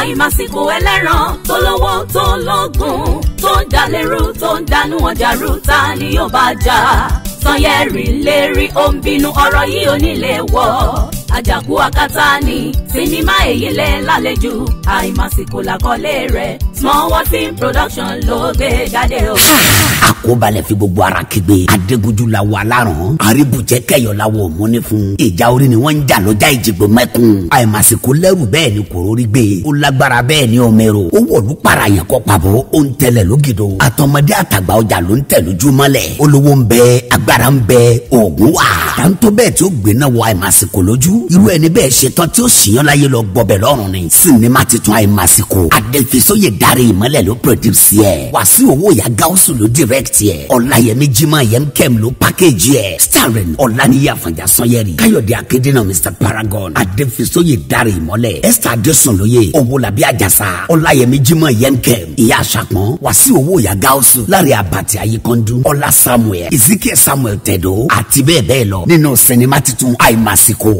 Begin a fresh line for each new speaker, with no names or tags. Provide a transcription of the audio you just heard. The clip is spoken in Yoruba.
àìmásìkò ẹlẹ́ran tó lówó tó lógun tó ń dalérú tó ń danú ọjà rú ta ni yóò bá jà sanyẹ́rì lérí ó ń bínú ọ̀rọ̀ yìí ò ní lè wọ̀ àjàkú akátá ni sinimá èyí lẹ̀ lálejò àìmásìkò làkọlé rẹ̀ small world film production ló gbé jáde o
àkóbalẹ̀ fi gbogbo ara kígbe. adégunjú la wọ alárùn. àríbùjẹ́ kẹyọ̀ la wọ òmùní fún. ìjà orí ni wọ́n ń jà lọ́jà ìjìgbó mẹ́kun. àìmàsìkò lẹ́rù bẹ́ẹ̀ ni kòrórí gbé. ó lágbára bẹ́ẹ̀ ni ọmọero. ó wọ̀lú para yẹn kọ́ pàbó. ó ń tẹ̀lẹ̀ lógido. àtọmọdé àtàgbà ọjà ló ń tẹ̀ lójúmọ́lẹ̀. olówó ń bẹ agbára ń bẹ oògùn wà. tàǹtó bẹ́ẹ̀ tí ó gbéná wọ àìmàsìkò lójú. irú ẹni bẹ́ẹ̀ ṣetán tí ó ṣìyàn láyé lọ gbọbẹ̀ lọ́rùn ni. sinima titun àìmàsìkò. adéfisóye darí ìmọ́lẹ̀ ló produce direct direct yẹ ọ̀làyẹmí jimá yẹn kẹ́m ló package yẹ starring ọ̀làníyà fàjà sanyẹri káyọ̀dé akédènà mr paragon adéfisóye dárí ìmọ́lẹ̀ esther adésùnlóye owólabí àjàsà ọ̀làyẹmí jimá yẹn kẹ́m ìyá àṣàpọ̀n wàsí owó yàgá ọ̀sùn lárí abàtì ayékọ́ndú ọ̀là samuel ezekiel samuel tẹ̀dó àti bẹ́ẹ̀ bẹ́ẹ̀ lọ nínú sinimá
titun àìmásíkò